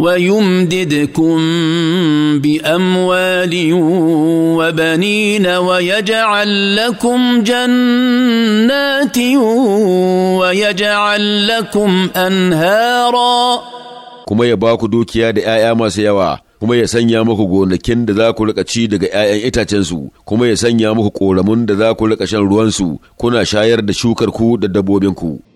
ويمددكم باموال وبنين ويجعل لكم جنات ويجعل لكم انهارا kuma ya ba ku dukiya da ‘ya'ya masu yawa kuma ya sanya muku gonakin da za ku rika ci daga ‘ya'yan itacensu kuma ya sanya muku ƙoramun da za ku rika shan ruwansu kuna shayar da shukarku da dabbobinku.